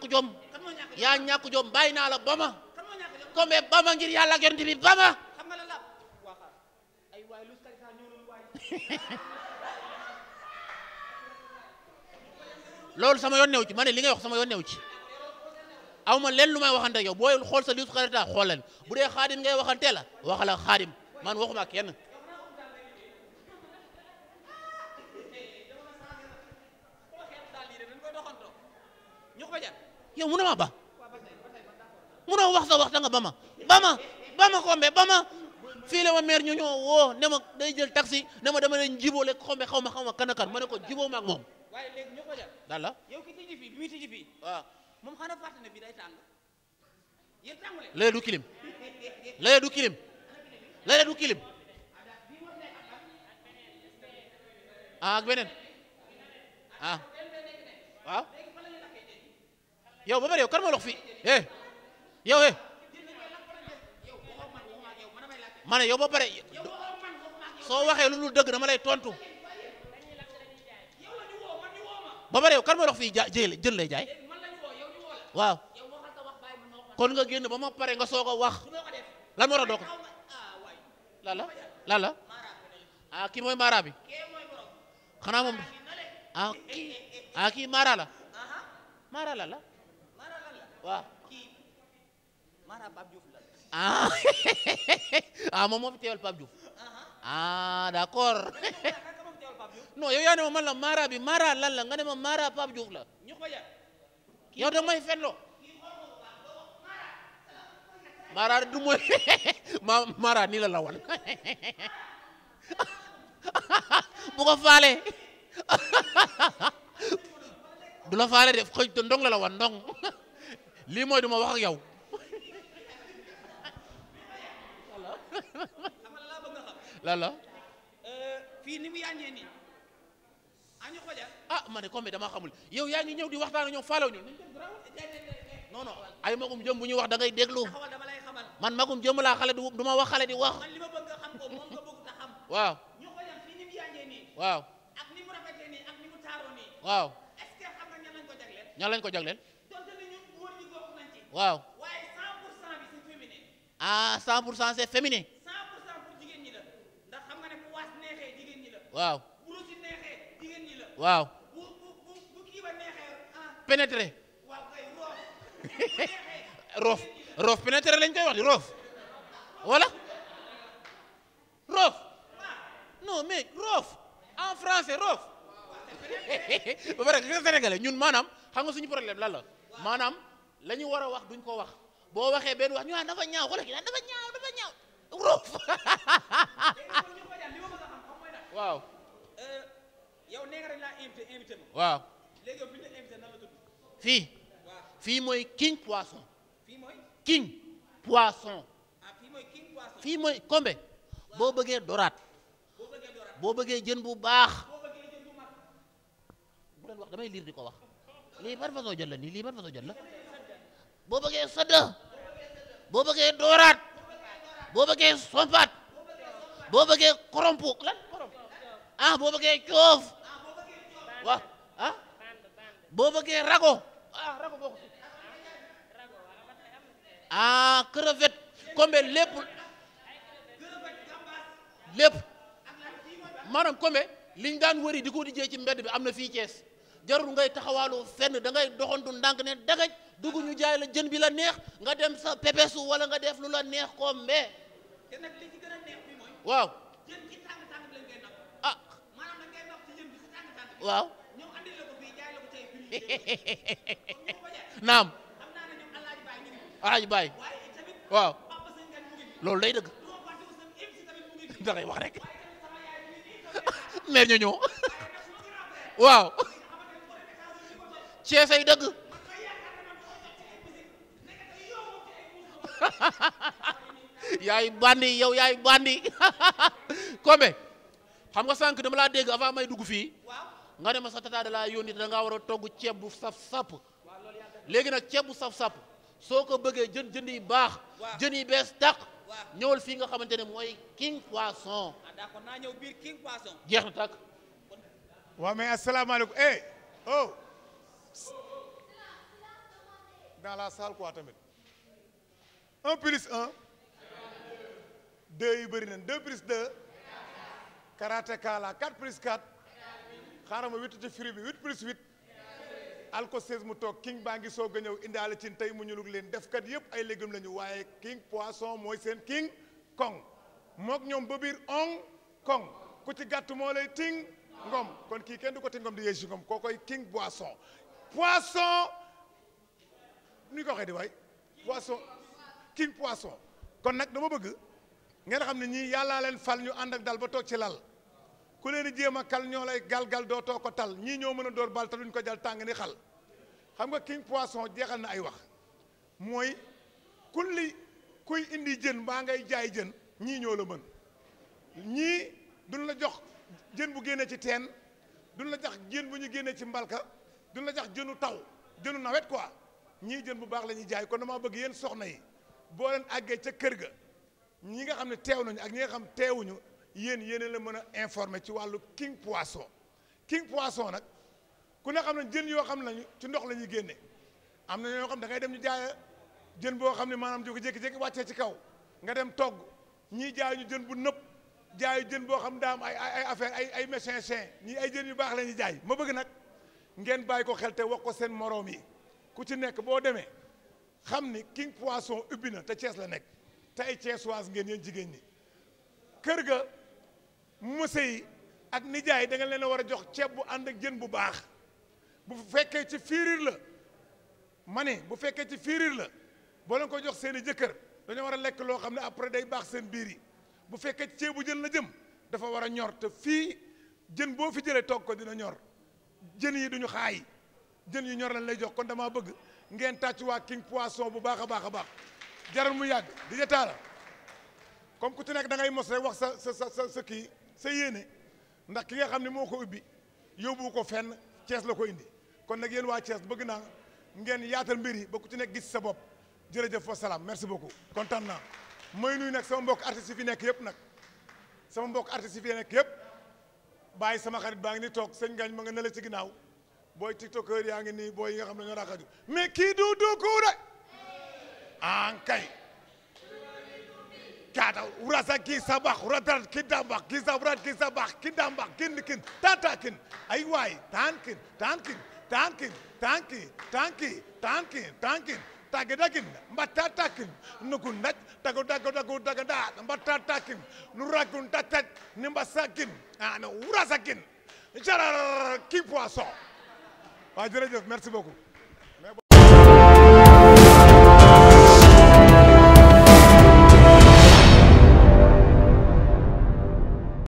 ñàkk jom yaa ñàkk jom bàyyi naa la ba ma comme ba ma ngir yàlla ak yonent sama yoon new ci ma ne li ngay wax sama yoon new ci aw ma leen lu may waxante yow booy xool sa liisu xarita xool leen bu dee xaadim ngay waxante la waxala xaadim man waxuma kenn ñu yow munoo ma ba munoo wax sa wax da nga ba ma ba ma ba ma ma fii la ñu woo ne ma day jël taxi ne ma dama leen jiboole xombe xaw ma xaw ma kan ma ne ko jiboo ma ak moom. waaye léegi ñu ko def. dalla yow ki tijji fii du kilim lee du du kilim ah ak beneen ah. yow ba pare yow kan moo lox fii eh yow eh ma ne yow ba pare soo waxee lu dul dëgg dama lay tontu ba pare yow kan moo lox fii jël lay jaay waaw kon nga génn ba ma pare nga soog a wax lan moo tax doo ko lan la lan ah, mooy mara bi xanaa moom ah kii ah kii la mara la. waaw kii maanaam Pape Diouf la ah, ah moom teewal Pape Diouf uh-huh. ah d'accord non yow yaa ne ma man la bi Mara lan la nga ne ma Mara Pape Diouf la yow da may fenloo Mara du mooy ma nii la la faale du faale def xëj to ndong la la lii mooy du ma wax fii ni mu yàññee nii. ah ma ne comme dama xamul yow yaa ngi ñëw di waxtaan ak ñoom faalaw ñu. non ay magum jëm bu ñuy wax da ngay déglu man magum jëm laa xale du ma wax xale di wax. waaw. waaw. waaw. ñan lañ ko jagleel. waaw. waaye 100% bi ah, pour jigéen ñi la waaw bu rusi neexee jigéen waaw ah. pénétré. roof. roof pénétré lañ koy wax di roof voilà roof. Ah. non mais roof en français roof. ba pare Sénégalais ñun maanaam xam nga suñu problème lan la maanaam. lañu ñu war a wax duñ ko wax boo waxee benn wax ñu naan dafa ñaaw xoolal ki naan dafa ñaaw dafa ñaaw ruuf eh, waaw fii mooy king poisson fii mooy king ah, fii mooy king kombe boo bëggee doraat boo bëggee jën bu baax bu leen wax damay liir di ko wax lii ban façon jën la nii lii ban façon jën la boo bëggee sëdd boo bëggee dooraat boo bëggee sompaat boo bëggee korompu lan korompu ah boo bëggee coof waaw ah rago ah rago boo ko ah crevette comme lépp lépp maanaam comme liñ daan wëri di ko dijee ci mbedd bi am na fii Thiès jarul ngay taxawaalu fenn da ngay doxantu ndànk ne dagaj dugg ñu jaay la jën bi la neex nga dem sa pepesu wala nga def lu la neex ko mbee te nag li ci waaw naam xam baay waaw loolu day dëgg da wax rek mère ñu ñëw waaw ceesay dëgg yaay bandi yow yaay bandi kome xam nga sànq dama laa dégg avant may dugg fii nga ne ma sa tata da laa yónni da ngaa war a togg ceeb bu saf sàpp léegi nag ceeb bu saf sap soo ko bëggee jën jën yi baax jën yi bees tàq ñëwal fii nga xamante ne mooy king poisson ah, d'accord naa ñëw biir king na tàkk waaw mais asalaamaaleykum eh oh dans la salle quoi tamit un plus un deux yu bëri nañ deux plus deux karatéka la quatre plus quatre xaaral ma huit ci firi bi huit plus huit alko seize mu toog king baa ngi soog a ñëw indaale cin tey mu ñulug leen defkat yëpp ay légumes lañu waaye king poisson mooy seen king kong mook ñoom ba biir ong kong ku ci gàtt moo lay ting ngom kon kii kenn du ko ti ngom di yee si ngom koo koy king poisson poisson nu ko waxee di waay poisson king poisson kon nag dama bëgg ngeen xam ne ñii yàllaa leen fal ñu ànd ak dal ba toog ci lal ku leen jéem a kal ñoo lay gal doo too ko tal ñii ñoo mën a door bal te ñu ko jal tàng ni xal xam nga king poisson jeexal na ay wax mooy kulli kuy indi jën mbaa ngay jaay jën ñii ñoo la mën ñii duñ la jox jën bu génnee ci teen du la jox jën bu ñu génnee ci mbalka duñ la jox jënu taw jënu nawet quoi ñii jën bu baax la ñuy jaay kon damaa bëgg yéen soxna yi boo leen àggee ca kër ga ñi nga xam ne teew nañu ak ñi xam teewuñu yéen yéen la mën a informer ci wàllu king poisson king poisson nag ku ne xam ne jën yoo xam nañu ci ndox la ñuy génne am na ñoo xam da ngay dem ñu jaaya jën boo xam ne maanaam di ko jékki wàccee ci kaw nga dem togg ñii jaay ñu jën bu nëpp jaay jën boo xam daam ay ay affaire ay ay mécancin ñii ay jën yu baax la ñuy jaay ma bëgg nag ngeen bàyyi ko xel te wax ko seen moroom yi ku ci nekk boo demee xam ni King Poisson ubbi na te cees la nekk te ay Thiessoise ngeen yéen jigéen ñi kër ga monsieur yi ak nijaay da nga leen war a jox ceeb bu ànd ak jën bu baax bu fekkee ci firir la ma ne bu fekkee ci firir la boo leen ko jox seen i jëkkër dañoo war a lekk loo xam ne après day baax seen biir yi bu fekkee ceebu jën la jëm dafa war a ñor te fii jën boo fi jëlee toog ko dina ñor jën yi duñu xaay jën yi ñor lañ lay jox kon dama bëgg ngeen tàcc waa king poisson bu baax a baax a baax jaral mu yàgg di jataala comme ku ci nekk da ngay mos rek wax sa sa sa sa kii sa yéene ndax ki nga xam ne moo ko ubbi yóbbu ko fenn cees la ko indi kon nag yéen waa Thiès bëgg naa ngeen yaatal mbir yi ba ku ci nekk gis sa bopp jërëjëf wa salaam merci beaucoup kontaan naa mooy nuyu nekk sama mbokk artistes yi fi nekk yëpp nag sama mbokk artistes yi fi nekk yëpp bàyyi sama xarit baa ngi ni toog sëñ gañ ma nga ne la ci ginnaaw booy tiktokeur yaa ngi nii booy yi nga xam ne ñoo raakaju mais kii du dukuure an kay kaata rasa kii sa bax ratat ki kii sa rat kii sa bax ki dambax kin kin tata kin ay waay taan kin taan kin taan kin dakin mbatta takin nukun naj tagu tagu tagu tagada mba tatakin nuragun tatat nimba sakin ana ah, wura sakin jarar ki poisson waaw jërëjëf merci beaucoup